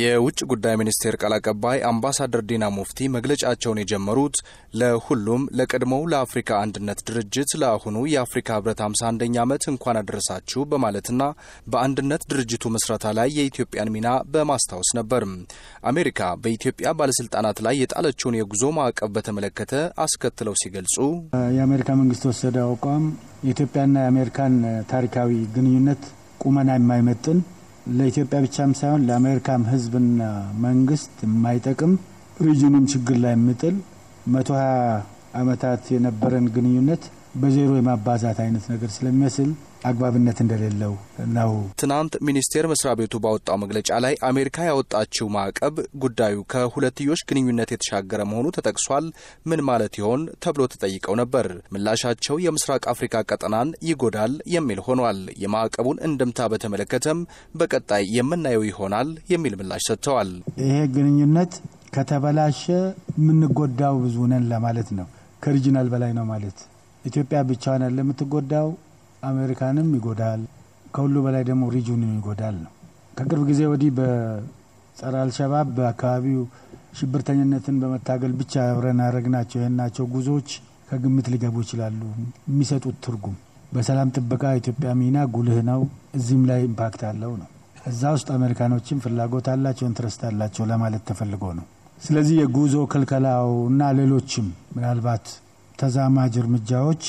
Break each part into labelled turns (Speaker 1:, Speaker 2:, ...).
Speaker 1: የውጭ ጉዳይ ሚኒስቴር ቃል አቀባይ አምባሳደር ዲና ሙፍቲ መግለጫቸውን የጀመሩት ለሁሉም ለቀድሞው ለአፍሪካ አንድነት ድርጅት ለአሁኑ የአፍሪካ ህብረት 51ኛ ዓመት እንኳን አደረሳችሁ በማለትና በአንድነት ድርጅቱ ምስረታ ላይ የኢትዮጵያን ሚና በማስታወስ ነበር። አሜሪካ በኢትዮጵያ ባለስልጣናት ላይ የጣለችውን የጉዞ ማዕቀብ በተመለከተ አስከትለው ሲገልጹ
Speaker 2: የአሜሪካ መንግስት ወሰደው አቋም የኢትዮጵያና የአሜሪካን ታሪካዊ ግንኙነት ቁመና የማይመጥን ለኢትዮጵያ ብቻም ሳይሆን ለአሜሪካም ህዝብና መንግስት የማይጠቅም ሪጅኑን ችግር ላይ የምጥል መቶ ሀያ አመታት የነበረን ግንኙነት በዜሮ የማባዛት አይነት ነገር ስለሚመስል አግባብነት እንደሌለው ነው።
Speaker 1: ትናንት ሚኒስቴር መስሪያ ቤቱ ባወጣው መግለጫ ላይ አሜሪካ ያወጣችው ማዕቀብ ጉዳዩ ከሁለትዮሽ ግንኙነት የተሻገረ መሆኑ ተጠቅሷል። ምን ማለት ይሆን ተብሎ ተጠይቀው ነበር። ምላሻቸው የምስራቅ አፍሪካ ቀጠናን ይጎዳል የሚል ሆኗል። የማዕቀቡን እንድምታ በተመለከተም በቀጣይ የምናየው ይሆናል የሚል ምላሽ ሰጥተዋል።
Speaker 2: ይሄ ግንኙነት ከተበላሸ የምንጎዳው ብዙ ነን ለማለት ነው። ከሪጂናል በላይ ነው ማለት ኢትዮጵያ ብቻዋን ያለ የምትጎዳው አሜሪካንም ይጎዳል። ከሁሉ በላይ ደግሞ ሪጅንም ይጎዳል ነው። ከቅርብ ጊዜ ወዲህ በጸረ አልሸባብ በአካባቢው ሽብርተኝነትን በመታገል ብቻ አብረን ያደረግናቸው ይህናቸው ጉዞዎች ከግምት ሊገቡ ይችላሉ። የሚሰጡት ትርጉም በሰላም ጥበቃ ኢትዮጵያ ሚና ጉልህ ነው። እዚህም ላይ ኢምፓክት አለው ነው። እዛ ውስጥ አሜሪካኖችም ፍላጎት አላቸው፣ ኢንትረስት አላቸው ለማለት ተፈልጎ ነው። ስለዚህ የጉዞ ክልከላው እና ሌሎችም ምናልባት ተዛማጅ እርምጃዎች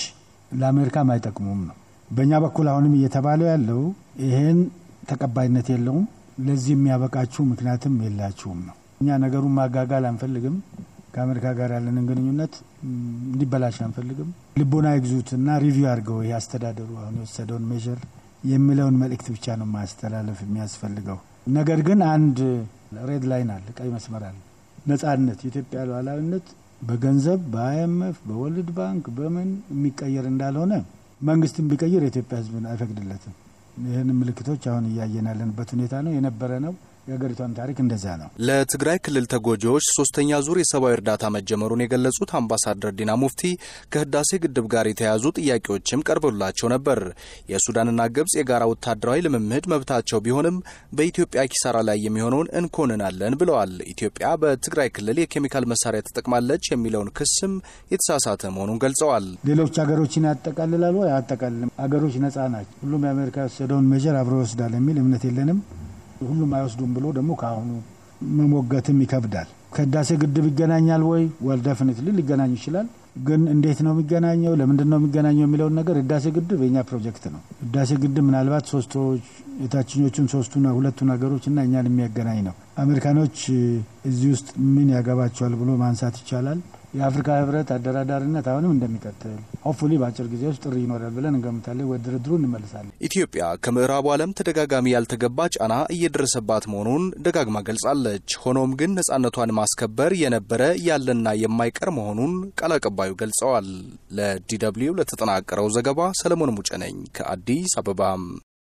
Speaker 2: ለአሜሪካም አይጠቅሙም ነው። በእኛ በኩል አሁንም እየተባለው ያለው ይሄን ተቀባይነት የለውም፣ ለዚህ የሚያበቃችሁ ምክንያትም የላችሁም ነው። እኛ ነገሩን ማጋጋል አንፈልግም። ከአሜሪካ ጋር ያለንን ግንኙነት እንዲበላሽ አንፈልግም። ልቦና ይግዙት እና ሪቪው አድርገው ይሄ አስተዳደሩ አሁን የወሰደውን ሜዥር የሚለውን መልእክት ብቻ ነው ማስተላለፍ የሚያስፈልገው። ነገር ግን አንድ ሬድ ላይን አለ፣ ቀይ መስመር አለ። ነጻነት፣ የኢትዮጵያ ሉዓላዊነት በገንዘብ በአይኤምኤፍ በወልድ ባንክ በምን የሚቀየር እንዳልሆነ መንግስትን ቢቀይር የኢትዮጵያ ህዝብን አይፈቅድለትም። ይህን ምልክቶች አሁን እያየናለንበት ሁኔታ ነው የነበረ ነው። የሀገሪቷን ታሪክ እንደዛ ነው።
Speaker 1: ለትግራይ ክልል ተጎጂዎች ሶስተኛ ዙር የሰብአዊ እርዳታ መጀመሩን የገለጹት አምባሳደር ዲና ሙፍቲ ከህዳሴ ግድብ ጋር የተያያዙ ጥያቄዎችም ቀርበላቸው ነበር። የሱዳንና ግብጽ የጋራ ወታደራዊ ልምምድ መብታቸው ቢሆንም በኢትዮጵያ ኪሳራ ላይ የሚሆነውን እንኮንናለን ብለዋል። ኢትዮጵያ በትግራይ ክልል የኬሚካል መሳሪያ ተጠቅማለች የሚለውን ክስም የተሳሳተ መሆኑን ገልጸዋል።
Speaker 2: ሌሎች ሀገሮችን ያጠቃልላሉ አያጠቃልልም? ሀገሮች ነጻ ናቸው። ሁሉም የአሜሪካ የወሰደውን መጀር አብሮ ይወስዳል የሚል እምነት የለንም። ሁሉም አይወስዱም ብሎ ደግሞ ከአሁኑ መሞገትም ይከብዳል። ከህዳሴ ግድብ ይገናኛል ወይ? ወል ደፍኒትሊ ሊገናኝ ይችላል። ግን እንዴት ነው የሚገናኘው? ለምንድን ነው የሚገናኘው የሚለውን ነገር ህዳሴ ግድብ የኛ ፕሮጀክት ነው። ህዳሴ ግድብ ምናልባት ሶስቶች የታችኞቹን ሶስቱና ሁለቱን ነገሮች እና እኛን የሚያገናኝ ነው። አሜሪካኖች እዚህ ውስጥ ምን ያገባቸዋል ብሎ ማንሳት ይቻላል። የአፍሪካ ህብረት አደራዳሪነት አሁንም እንደሚቀጥል ሆፉሊ በአጭር ጊዜ ውስጥ ጥሪ ይኖራል ብለን እንገምታለን። ወደ ድርድሩ እንመልሳለን።
Speaker 1: ኢትዮጵያ ከምዕራቡ ዓለም ተደጋጋሚ ያልተገባ ጫና እየደረሰባት መሆኑን ደጋግማ ገልጻለች። ሆኖም ግን ነጻነቷን ማስከበር የነበረ ያለና የማይቀር መሆኑን ቃል አቀባዩ ገልጸዋል። ለዲ ደብልዩ ለተጠናቀረው ዘገባ ሰለሞን ሙጨ ነኝ ከአዲስ አበባ።